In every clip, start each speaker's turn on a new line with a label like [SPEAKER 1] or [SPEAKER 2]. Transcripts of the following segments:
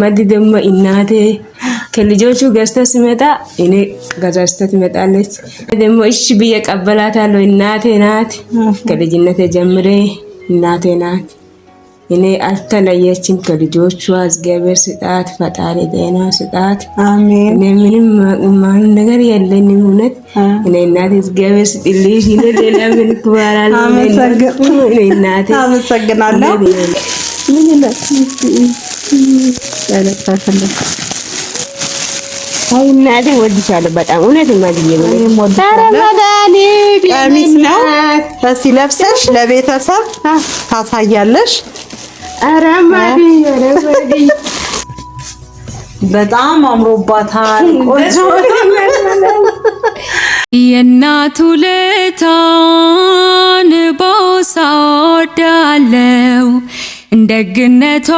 [SPEAKER 1] መዲ ደግሞ እናቴ ከልጆቹ ገዝታ ሲመጣ እኔ ገዛዝታ ትመጣለች። ደግሞ እሺ ብዬ ቀበላታለሁ። እናቴ ናት፣ ከልጅነት ጀምሬ እናቴ ናት። እኔ አልተለየችም ከልጆቹ። እግዚአብሔር ስጣት፣ ፈጣሪ ጤና ስጣት። እኔ ምንም ነገር የለኝም። እውነት እኔ እናቴ እግዚአብሔር ስጥልሽ። ሌላ ምን ትባላለች? አመሰግናለሁ። ምን ይላል እናቴ ወድሻለሁ በጣም እውነት ማድዬ
[SPEAKER 2] ቀሚስ ነው በሲ ለብሰሽ ለቤተሰብ ታሳያለሽ።
[SPEAKER 1] ኧረ ማድዬ በጣም አምሮባታል። ቆንጆ የእናቱ ልታን ቦሳ ወዳለው እንደግነቷ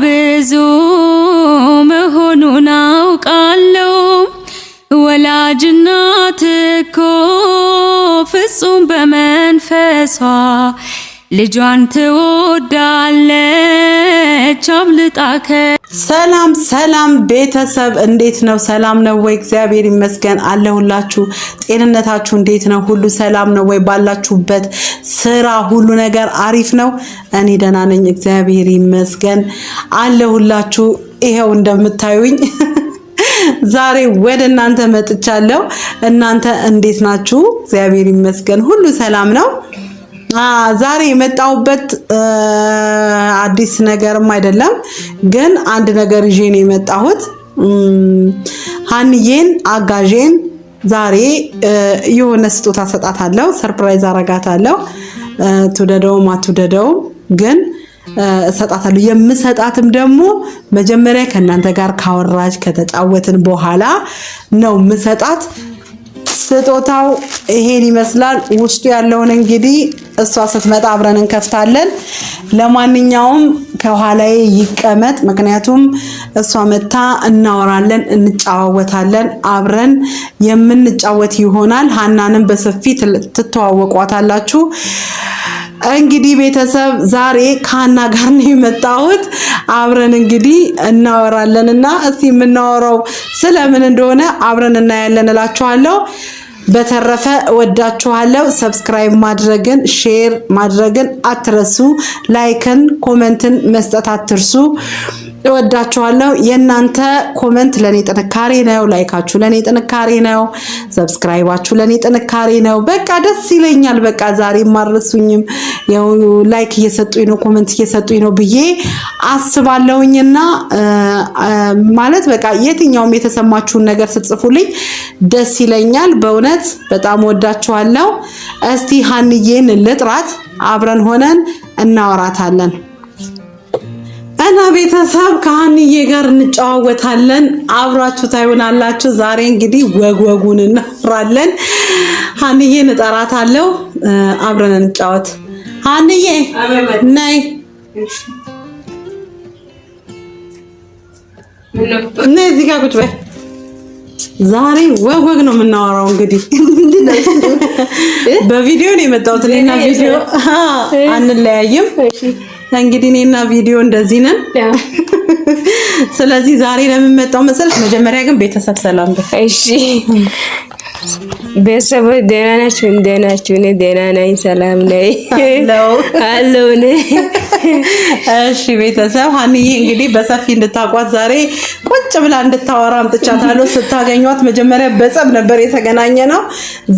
[SPEAKER 1] ብዙ መሆኑን
[SPEAKER 2] አውቃለው። ወላጅናት እኮ ፍጹም በመንፈሷ ልጇን ትወዳለች አብልጣከ ሰላም ሰላም ቤተሰብ እንዴት ነው? ሰላም ነው ወይ? እግዚአብሔር ይመስገን አለሁላችሁ። ጤንነታችሁ እንዴት ነው? ሁሉ ሰላም ነው ወይ? ባላችሁበት ስራ ሁሉ ነገር አሪፍ ነው? እኔ ደህና ነኝ፣ እግዚአብሔር ይመስገን አለሁላችሁ። ይሄው እንደምታዩኝ ዛሬ ወደ እናንተ መጥቻለሁ። እናንተ እንዴት ናችሁ? እግዚአብሔር ይመስገን ሁሉ ሰላም ነው። ዛሬ የመጣሁበት አዲስ ነገርም አይደለም፣ ግን አንድ ነገር ይዤ ነው የመጣሁት። ሀንዬን አጋዤን ዛሬ የሆነ ስጦታ ሰጣታለሁ፣ ሰርፕራይዝ አረጋታለሁ። ትውደደውም አትውደደውም ግን እሰጣታለሁ። የምሰጣትም ደግሞ መጀመሪያ ከእናንተ ጋር ካወራች ከተጫወትን በኋላ ነው ምሰጣት። ስጦታው ይሄን ይመስላል። ውስጡ ያለውን እንግዲህ እሷ ስትመጣ አብረን እንከፍታለን። ለማንኛውም ከኋላዬ ይቀመጥ፣ ምክንያቱም እሷ መታ እናወራለን፣ እንጫወታለን አብረን የምንጫወት ይሆናል። ሀናንም በሰፊ ትተዋወቋታላችሁ። እንግዲህ ቤተሰብ ዛሬ ከሀና ጋር ነው የመጣሁት። አብረን እንግዲህ እናወራለን እና እስቲ የምናወራው ስለምን እንደሆነ አብረን እናያለን እላችኋለሁ። በተረፈ ወዳችኋለሁ። ሰብስክራይብ ማድረግን ሼር ማድረግን አትረሱ። ላይክን ኮመንትን መስጠት አትርሱ። እወዳችኋለሁ። የእናንተ ኮመንት ለእኔ ጥንካሬ ነው። ላይካችሁ ለእኔ ጥንካሬ ነው። ሰብስክራይባችሁ ለእኔ ጥንካሬ ነው። በቃ ደስ ይለኛል። በቃ ዛሬ ማረሱኝም ላይክ እየሰጡኝ ነው፣ ኮመንት እየሰጡኝ ነው ብዬ አስባለሁኝና ማለት በቃ የትኛውም የተሰማችሁን ነገር ስትጽፉልኝ ደስ ይለኛል። በእውነት በጣም እወዳችኋለሁ። እስቲ ሀንዬን ልጥራት፣ አብረን ሆነን እናወራታለን። እና ቤተሰብ ከሀንዬ ጋር እንጨዋወታለን። አብራችሁ ታይሆናላችሁ። ዛሬ እንግዲህ ወግወጉን እናፍራለን። እናወራለን። ሀንዬን እጠራታለሁ፣ አብረን እንጫወት። ሀንዬ ነይ እና እዚህ ጋር ቁጭ በይ። ዛሬ ወግ ወግ ነው የምናወራው። እንግዲህ በቪዲዮ ነው የመጣሁት እኔና ቪዲዮ አንለያይም። እንግዲህ እኔና ቪዲዮ እንደዚህ ነን። ስለዚህ ዛሬ ለምን መጣው መሰለሽ? መጀመሪያ ግን ቤተሰብ ሰላም በል።
[SPEAKER 1] እሺ ቤተሰቦች ደህና ናችሁ? እንደት ናችሁ? እኔ ደህና ነኝ፣ ሰላም ነኝ አለው።
[SPEAKER 2] እሺ ቤተሰብ ሀንዬ እንግዲህ በሰፊ እንድታቋት ዛሬ ቁጭ ብላ እንድታወራ አምጥቻታለሁ። ስታገኟት መጀመሪያ በጸብ ነበር የተገናኘ ነው።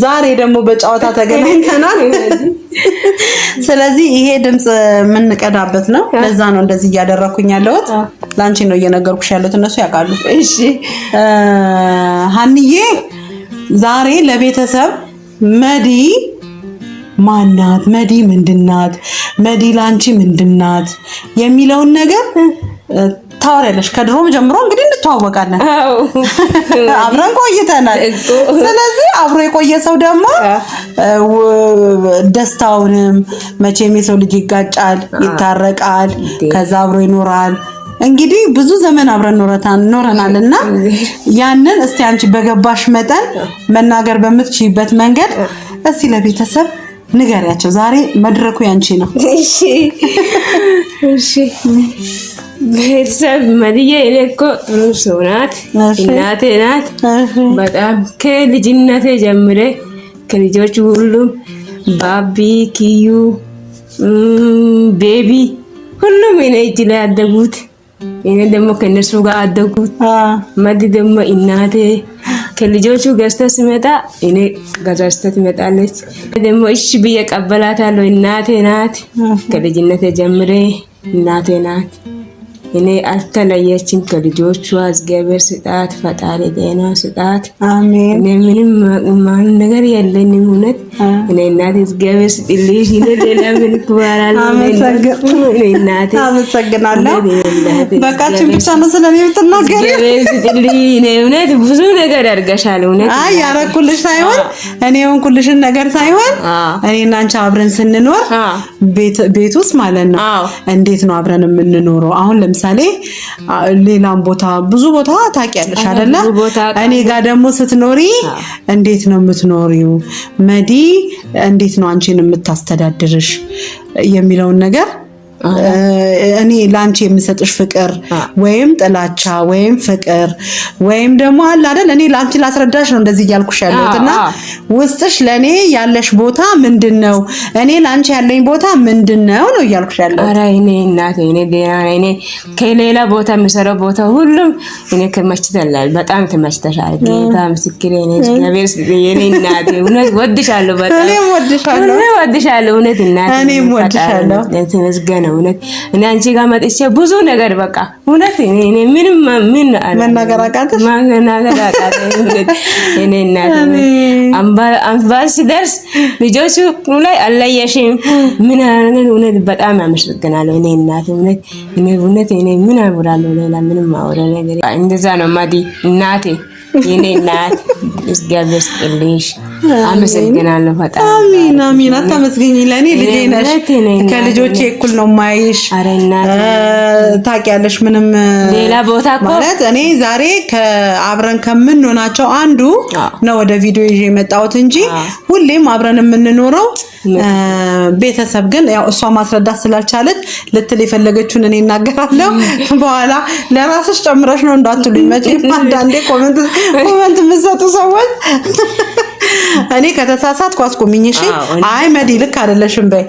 [SPEAKER 2] ዛሬ ደግሞ በጨዋታ ተገናኝተናል። ስለዚህ ይሄ ድምፅ የምንቀዳበት ነው። ለዛ ነው እንደዚህ እያደረኩኝ ያለሁት። ለአንቺ ነው እየነገርኩሽ ያለሁት፣ እነሱ ያውቃሉ። እሺ ሀንዬ፣ ዛሬ ለቤተሰብ መዲ ማናት፣ መዲ ምንድናት፣ መዲ ለአንቺ ምንድናት የሚለውን ነገር ታወሪያለሽ። ከድሮም ጀምሮ እንግዲህ እንተዋወቃለን፣ አብረን ቆይተናል። ስለዚህ አብሮ የቆየ ሰው ደግሞ ደስታውንም መቼም የሰው ልጅ ይጋጫል፣ ይታረቃል፣ ከዛ አብሮ ይኖራል። እንግዲህ ብዙ ዘመን አብረን ኖረናል እና ያንን እስቲ አንቺ በገባሽ መጠን መናገር በምትችይበት መንገድ እስቲ ለቤተሰብ ንገሪያቸው። ዛሬ መድረኩ ያንቺ ነው።
[SPEAKER 1] እሺ እሺ። ቤተሰብ መድዬ እኔ እኮ ጥሩ ሰው ናት፣ እናቴ ናት። በጣም ከልጅነቴ ጀምሬ ከልጆች ሁሉም ባቢ፣ ኪዩ፣ ቤቢ ሁሉም እኔ እጅ ላይ አደጉት። እኔ ደግሞ ከእነሱ ጋር አደጉት። መድ ደግሞ እናቴ ከልጆቹ ገዝታ ሲመጣ እኔ ገዛዝታ ትመጣለች። ደግሞ እሺ ብዬ ቀበላታለሁ። እናቴ ናት፣ ከልጅነት ጀምሬ እናቴ ናት። እኔ አልተለየችም ከልጆቹ። እግዚአብሔር ስጣት፣ ፈጣሪ ጤና ስጣት። እኔ ምንም ነገር የለኝም እውነት እኔ እናቴ እግዚአብሔር ስጥልሽ። ምን አመሰግናለሁ።
[SPEAKER 2] ብቻ ነው
[SPEAKER 1] እኔ እውነት ብዙ ነገር እውነት
[SPEAKER 2] አይ ያረኩልሽ ሳይሆን እኔ የሆንኩልሽን ነገር ሳይሆን አንቺ አብረን ስንኖር ቤት ውስጥ ማለት ነው እንዴት ነው አብረን የምንኖረው? አሁን ለምሳሌ ሌላም ቦታ ብዙ ቦታ ታውቂያለሽ አይደለ? እኔ ጋር ደግሞ ስትኖሪ እንዴት ነው የምትኖሪው መዲ እንዴት ነው አንቺን የምታስተዳድርሽ የሚለውን ነገር እኔ ለአንቺ የምሰጥሽ ፍቅር ወይም ጥላቻ ወይም ፍቅር ወይም ደግሞ አለ አይደል፣ እኔ ለአንቺ ላስረዳሽ ነው እንደዚህ እያልኩሽ ያለሁት እና ውስጥሽ ለእኔ ያለሽ ቦታ ምንድን ነው? እኔ ለአንቺ ያለኝ ቦታ ምንድን ነው ነው እያልኩሽ ያለሁት።
[SPEAKER 1] እኔ እናቴ እኔ ከሌላ ቦታ የምሰራው ቦታ ሁሉም እኔ ከመችተላል በጣም ተመችተሻል። ጌታ ምስክሬ ነሽ። ገቤርስ የኔ እናቴ እውነት ወድሻለሁ። በጣም እኔም ወድሻለሁ። እውነት እናቴ
[SPEAKER 2] እኔም ወድሻለሁ።
[SPEAKER 1] ተመስገን ነው እውነት። እኔ አንቺ ጋር መጥቼ ብዙ ነገር በቃ እውነት እኔ ምንም ምን
[SPEAKER 2] አለ መናገር አቃተሽ
[SPEAKER 1] መናገር አቃተሽ። እኔ እናት አምባል ሲደርስ ልጆቹ ላይ አለየሽም ምን አለ። እውነት። በጣም አመሰግናለሁ እኔ እናት እውነት እኔ እውነት እኔ ምን አወራለሁ ሌላ ምንም አወራ ነገር እንደዛ ነው ማዲ እናቴ የኔ እናት እግዚአብሔር ይስጥልሽ። አመሰግናለሁ።
[SPEAKER 2] በጣም አሚን አሚን። አታመስገኝ፣ ለእኔ ልጄ ነሽ። ከልጆቼ እኩል ነው ማይሽ። ታውቂያለሽ፣ ምንም
[SPEAKER 1] ሌላ ቦታ እኮ
[SPEAKER 2] ማለት እኔ ዛሬ አብረን ከምንሆናቸው አንዱ ነው ወደ ቪዲዮ ይዤ የመጣሁት እንጂ ሁሌም አብረን የምንኖረው ቤተሰብ ግን ያው እሷ ማስረዳት ስላልቻለች ልትል የፈለገችውን እኔ እናገራለሁ። በኋላ ለራስሽ ጨምረሽ ነው እንዳትሉኝ። መቼም አንዳንዴ ኮመንት የምትሰጡ ሰዎች እኔ ከተሳሳትኩ አስቁሚኝ። እሺ። አይ መዲ ልክ አይደለሽም በይ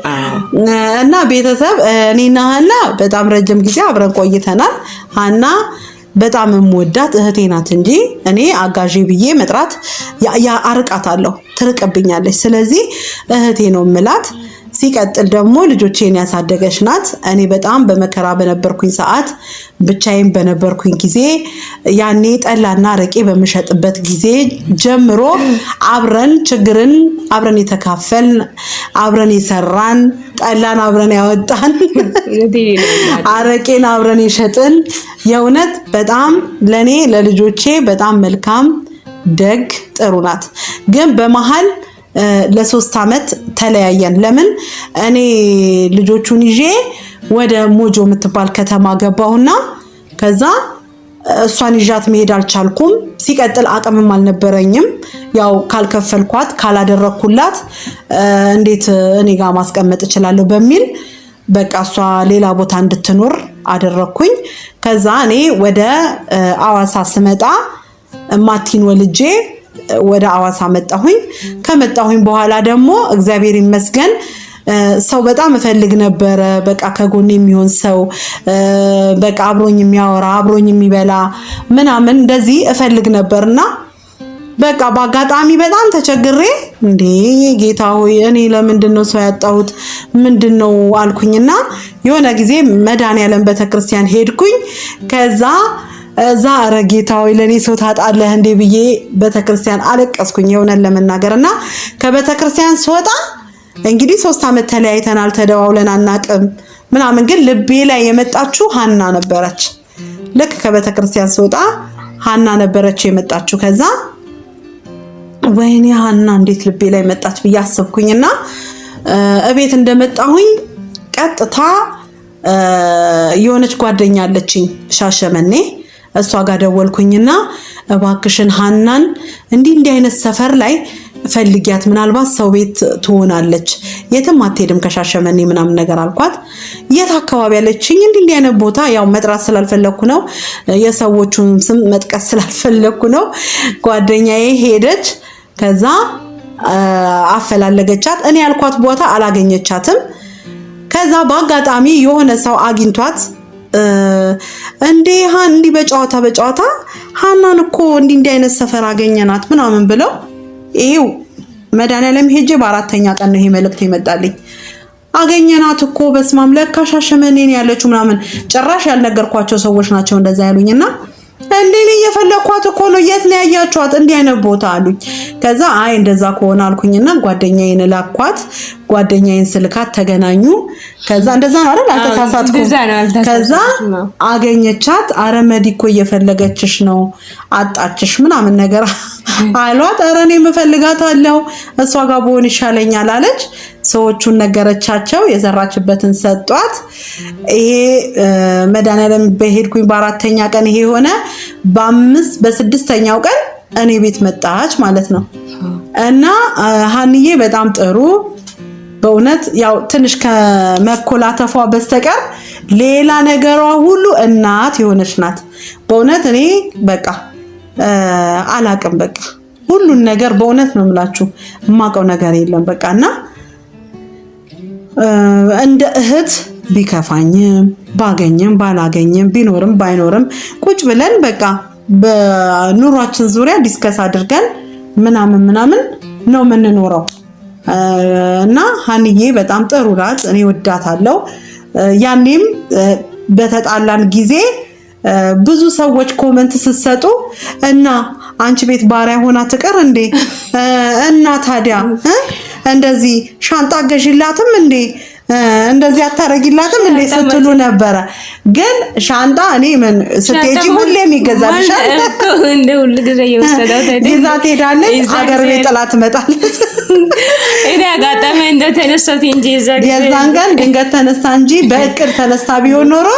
[SPEAKER 2] እና ቤተሰብ እኔና ሀና በጣም ረጅም ጊዜ አብረን ቆይተናል። ሀና በጣም የምወዳት እህቴ ናት እንጂ እኔ አጋዤ ብዬ መጥራት አርቃታለሁ፣ ትርቅብኛለች። ስለዚህ እህቴ ነው ምላት ሲቀጥል ደግሞ ልጆቼን ያሳደገች ናት። እኔ በጣም በመከራ በነበርኩኝ ሰዓት፣ ብቻዬን በነበርኩኝ ጊዜ፣ ያኔ ጠላና አረቄ በምሸጥበት ጊዜ ጀምሮ አብረን ችግርን አብረን የተካፈልን አብረን የሰራን ጠላን አብረን ያወጣን አረቄን አብረን የሸጥን የእውነት በጣም ለእኔ ለልጆቼ በጣም መልካም ደግ ጥሩ ናት። ግን በመሀል ለሶስት ዓመት ተለያየን። ለምን እኔ ልጆቹን ይዤ ወደ ሞጆ የምትባል ከተማ ገባሁና ከዛ እሷን ይዣት መሄድ አልቻልኩም። ሲቀጥል አቅምም አልነበረኝም። ያው ካልከፈልኳት ካላደረግኩላት እንዴት እኔ ጋር ማስቀመጥ እችላለሁ በሚል በቃ እሷ ሌላ ቦታ እንድትኖር አደረግኩኝ። ከዛ እኔ ወደ አዋሳ ስመጣ ማቲን ወልጄ ወደ አዋሳ መጣሁኝ። ከመጣሁኝ በኋላ ደግሞ እግዚአብሔር ይመስገን ሰው በጣም እፈልግ ነበረ። በቃ ከጎን የሚሆን ሰው በቃ አብሮኝ የሚያወራ አብሮኝ የሚበላ ምናምን እንደዚህ እፈልግ ነበር እና በቃ በአጋጣሚ በጣም ተቸግሬ እንዴ ጌታ ሆይ እኔ ለምንድን ነው ሰው ያጣሁት? ምንድን ነው አልኩኝና የሆነ ጊዜ መድኃኔዓለም ቤተክርስቲያን ሄድኩኝ ከዛ እዛ ኧረ ጌታ ሆይ ለእኔ ሰው ታጣለህ እንዴ ብዬ ቤተክርስቲያን አለቀስኩኝ። የሆነን ለመናገር እና ከቤተክርስቲያን ስወጣ እንግዲህ ሶስት ዓመት ተለያይተናል፣ ተደዋውለን አናቅም ምናምን፣ ግን ልቤ ላይ የመጣችው ሀና ነበረች። ልክ ከቤተክርስቲያን ስወጣ ሀና ነበረች የመጣችው። ከዛ ወይኔ ሀና እንዴት ልቤ ላይ መጣች ብዬ አሰብኩኝና እቤት እንደመጣሁኝ ቀጥታ የሆነች ጓደኛ አለችኝ ሻሸመኔ እሷ ጋር ደወልኩኝና እባክሽን ሀናን እንዲህ እንዲህ አይነት ሰፈር ላይ ፈልጊያት ምናልባት ሰው ቤት ትሆናለች፣ የትም አትሄድም ከሻሸመኔ ምናምን ነገር አልኳት። የት አካባቢ ያለችኝ እንዲህ እንዲህ አይነት ቦታ ያው መጥራት ስላልፈለግኩ ነው፣ የሰዎቹን ስም መጥቀስ ስላልፈለግኩ ነው። ጓደኛዬ ሄደች፣ ከዛ አፈላለገቻት። እኔ ያልኳት ቦታ አላገኘቻትም። ከዛ በአጋጣሚ የሆነ ሰው አግኝቷት እንዴ እንዲህ በጨዋታ በጨዋታ ሀናን እኮ እንዲህ እንዲህ አይነት ሰፈር አገኘናት ምናምን ብለው ይሄው መድኃኒዓለም ሄጄ በአራተኛ ቀን ነው ይሄ መልእክት ይመጣልኝ። አገኘናት እኮ በስማም ለካ ሻሸመኔን ያለችው ምናምን ጭራሽ ያልነገርኳቸው ሰዎች ናቸው እንደዛ ያሉኝና እኔን እየፈለኳት እኮ ነው። የት ነው ያያችኋት? እንዲህ አይነት ቦታ አሉኝ። ከዛ አይ እንደዛ ከሆነ አልኩኝና ጓደኛዬን ላኳት። ጓደኛዬን ስልካት ተገናኙ። ከዛ እንደዛ ነው አይደል? አልተሳሳትኩም። ከዛ አገኘቻት። አረመዲ እኮ እየፈለገችሽ ነው አጣችሽ ምናምን ነገር አሏት። ኧረ እኔ እፈልጋታለሁ እሷ ጋር ብሆን ይሻለኛል አለች። ሰዎቹን ነገረቻቸው። የዘራችበትን ሰጧት። ይሄ መድኃኒዓለም በሄድኩኝ በአራተኛ ቀን ይሄ የሆነ በአምስት በስድስተኛው ቀን እኔ ቤት መጣች ማለት ነው። እና ሀንዬ በጣም ጥሩ በእውነት ያው ትንሽ ከመኮላተፏ በስተቀር ሌላ ነገሯ ሁሉ እናት የሆነች ናት። በእውነት እኔ በቃ አላቅም በቃ ሁሉን ነገር በእውነት ነው የምላችሁ። የማውቀው ነገር የለም በቃ እና እንደ እህት ቢከፋኝም ባገኝም ባላገኝም ቢኖርም ባይኖርም ቁጭ ብለን በቃ በኑሯችን ዙሪያ ዲስከስ አድርገን ምናምን ምናምን ነው የምንኖረው እና ሀንዬ በጣም ጥሩ ናት። እኔ ወዳታለሁ። ያኔም በተጣላን ጊዜ ብዙ ሰዎች ኮመንት ስትሰጡ እና አንቺ ቤት ባሪያ ሆና ትቅር እንዴ እና ታዲያ እንደዚህ ሻንጣ ገዥላትም እንዴ እንደዚህ አታረጊላትም እንዴ ስትሉ ነበረ። ግን ሻንጣ እኔ ምን ስትሄጂ ሁሌም ይገዛልሻል። እንደ ሁልጊዜ ይዛ ትሄዳለች፣ አገር ቤት ጥላ ትመጣለች። የዛን ቀን ድንገት ተነሳ እንጂ በእቅድ ተነሳ ቢሆን ኖሮ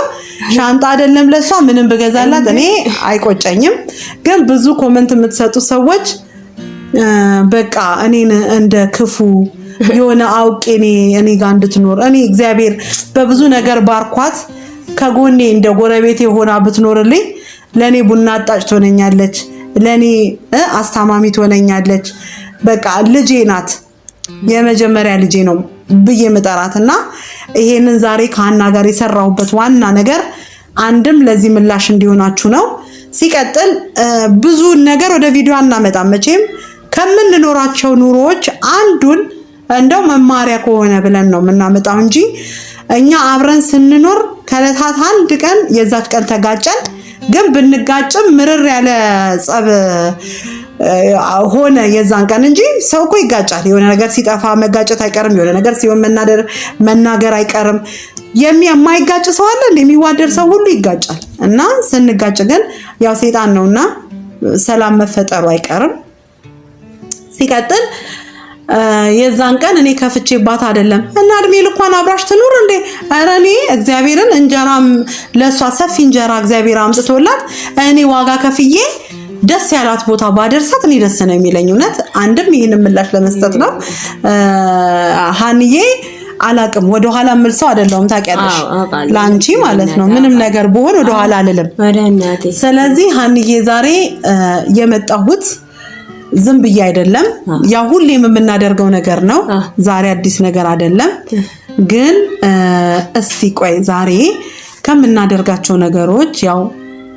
[SPEAKER 2] ሻንጣ አይደለም ለሷ ምንም ብገዛላት እኔ አይቆጨኝም። ግን ብዙ ኮመንት የምትሰጡ ሰዎች በቃ እኔን እንደ ክፉ የሆነ አውቄ እኔ እኔ ጋር እንድትኖር እኔ እግዚአብሔር በብዙ ነገር ባርኳት ከጎኔ እንደ ጎረቤቴ የሆና ብትኖርልኝ ለእኔ ቡና አጣጭ ትሆነኛለች፣ ለእኔ አስታማሚ ትሆነኛለች። በቃ ልጄ ናት፣ የመጀመሪያ ልጄ ነው ብዬ ምጠራት እና ይሄንን ዛሬ ከሀና ጋር የሰራሁበት ዋና ነገር አንድም ለዚህ ምላሽ እንዲሆናችሁ ነው። ሲቀጥል ብዙ ነገር ወደ ቪዲዮ አናመጣም መቼም ከምንኖራቸው ኑሮዎች አንዱን እንደው መማሪያ ከሆነ ብለን ነው የምናመጣው እንጂ እኛ አብረን ስንኖር ከዕለታት አንድ ቀን የዛች ቀን ተጋጨን። ግን ብንጋጭም ምርር ያለ ጸብ ሆነ የዛን ቀን እንጂ ሰው እኮ ይጋጫል። የሆነ ነገር ሲጠፋ መጋጨት አይቀርም። የሆነ ነገር ሲሆን መናደር መናገር አይቀርም። የማይጋጭ ሰው አለ? የሚዋደድ ሰው ሁሉ ይጋጫል። እና ስንጋጭ ግን ያው ሴጣን ነውና ሰላም መፈጠሩ አይቀርም። ሲቀጥል የዛን ቀን እኔ ከፍቼባት አይደለም እና እድሜ ልኳን አብራሽ ትኑር እንዴ? ኧረ እኔ እግዚአብሔርን እንጀራም ለእሷ ሰፊ እንጀራ እግዚአብሔር አምጥቶላት እኔ ዋጋ ከፍዬ ደስ ያላት ቦታ ባደርሳት እኔ ደስ ነው የሚለኝ። እውነት አንድም ይህን ምላሽ ለመስጠት ነው ሀንዬ። አላቅም ወደኋላ የምል ሰው አይደለሁም። ታውቂያለሽ፣ ለአንቺ ማለት ነው ምንም ነገር ብሆን ወደኋላ አልልም። ስለዚህ ሀንዬ ዛሬ የመጣሁት ዝም ብዬ አይደለም፣ ያው ሁሌም የምናደርገው ነገር ነው። ዛሬ አዲስ ነገር አይደለም። ግን እስቲ ቆይ ዛሬ ከምናደርጋቸው ነገሮች ያው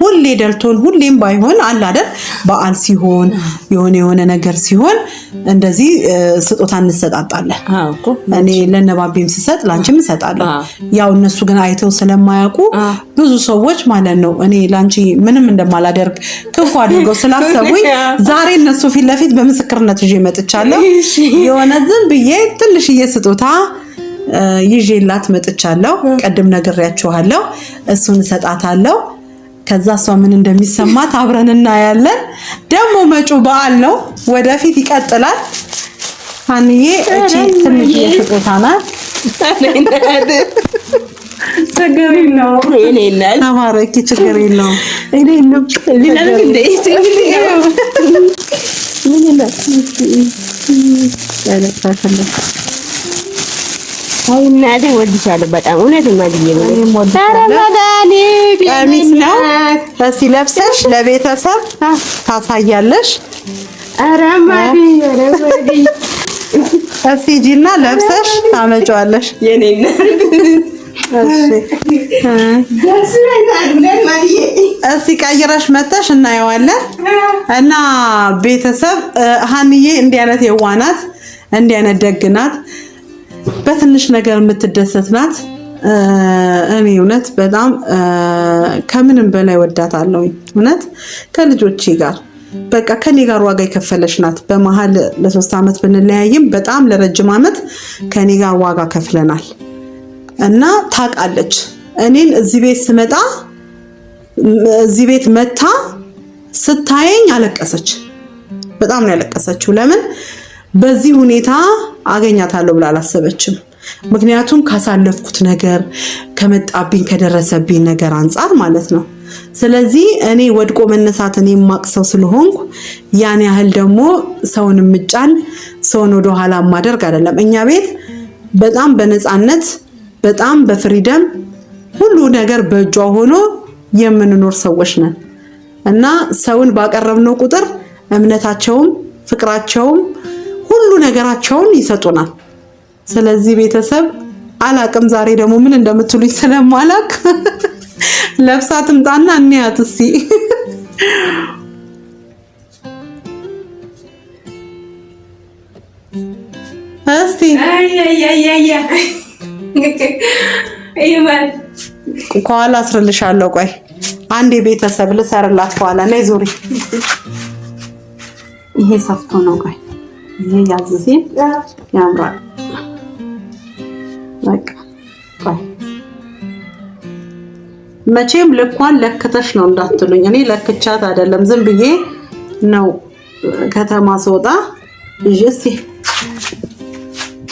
[SPEAKER 2] ሁሌ ደልቶን ሁሌም ባይሆን አለ አይደል በዓል ሲሆን የሆነ የሆነ ነገር ሲሆን እንደዚህ ስጦታ እንሰጣጣለን። እኔ ለነባቤም ስሰጥ ላንቺም እሰጣለሁ ያው እነሱ ግን አይተው ስለማያውቁ ብዙ ሰዎች ማለት ነው እኔ ላንቺ ምንም እንደማላደርግ ክፉ አድርገው ስላሰቡኝ ዛሬ እነሱ ፊት ለፊት በምስክርነት ይዤ መጥቻለሁ። የሆነ ዝም ብዬ ትንሽዬ ስጦታ ይዤላት መጥቻለሁ። ቀድም ነግሬያችኋለሁ። እሱን እሰጣታለሁ። ከዛ እሷ ምን እንደሚሰማት አብረን እናያለን። ደግሞ መጪው በዓል ነው፣ ወደፊት ይቀጥላል። አንዬ እቺ ትንሽ ስጦታ ናት።
[SPEAKER 1] ችግር የለውም አይ እናቴ እወድሻለሁ በጣም እውነት ማድዬ ነው።
[SPEAKER 2] ቀሚስ ነው እስቲ ለብሰሽ ለቤተሰብ ታሳያለሽ።
[SPEAKER 1] ኧረ ማድዬ ኧረ ማድዬ
[SPEAKER 2] እስቲ ሂጂና ለብሰሽ ታመጪዋለሽ። እስቲ ቀይረሽ መተሽ እናየዋለን። እና ቤተሰብ ሀንዬ እንዲህ አይነት የዋናት እንዲህ አይነት ደግናት በትንሽ ነገር የምትደሰት ናት። እኔ እውነት በጣም ከምንም በላይ ወዳታለሁ። እውነት ከልጆቼ ጋር በቃ ከኔ ጋር ዋጋ የከፈለች ናት። በመሀል ለሶስት ዓመት ብንለያይም በጣም ለረጅም ዓመት ከኔ ጋር ዋጋ ከፍለናል እና ታውቃለች። እኔን እዚህ ቤት ስመጣ እዚህ ቤት መታ ስታየኝ አለቀሰች። በጣም ነው ያለቀሰችው። ለምን በዚህ ሁኔታ አገኛታለሁ ብላ አላሰበችም። ምክንያቱም ካሳለፍኩት ነገር ከመጣብኝ ከደረሰብኝ ነገር አንጻር ማለት ነው። ስለዚህ እኔ ወድቆ መነሳትን የማቅ ሰው ስለሆንኩ ያን ያህል ደግሞ ሰውን የምጫን ሰውን ወደኋላ ማደርግ አይደለም። እኛ ቤት በጣም በነፃነት በጣም በፍሪደም ሁሉ ነገር በእጇ ሆኖ የምንኖር ሰዎች ነን እና ሰውን ባቀረብነው ቁጥር እምነታቸውም ፍቅራቸውም ሁሉ ነገራቸውን ይሰጡናል። ስለዚህ ቤተሰብ አላቅም። ዛሬ ደግሞ ምን እንደምትሉኝ ስለማላቅ ለብሳ ትምጣና እንያት እስኪ። እስቲ ከኋላ አስርልሻለሁ። ቆይ አንድ የቤተሰብ ልሰርላት ከኋላ ላይ ዙሪ። ይሄ ሰፍቶ ነው። ቆይ ይሄ ያዝ ሲል ያምራል። መቼም ልኳን ለክተሽ ነው እንዳትሉኝ። እኔ ለክቻት አይደለም ዝም ብዬ ነው ከተማ ስወጣ እሺ።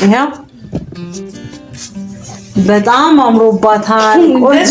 [SPEAKER 2] ይሄው በጣም አምሮባታል ቆንጆ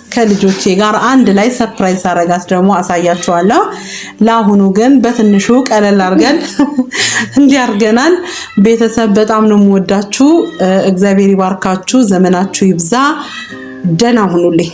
[SPEAKER 2] ከልጆቼ ጋር አንድ ላይ ሰርፕራይዝ አረጋት ደግሞ አሳያችኋለሁ። ለአሁኑ ግን በትንሹ ቀለል አርገን እንዲያርገናል። ቤተሰብ በጣም ነው የምወዳችሁ። እግዚአብሔር ይባርካችሁ፣ ዘመናችሁ ይብዛ። ደህና ሁኑልኝ።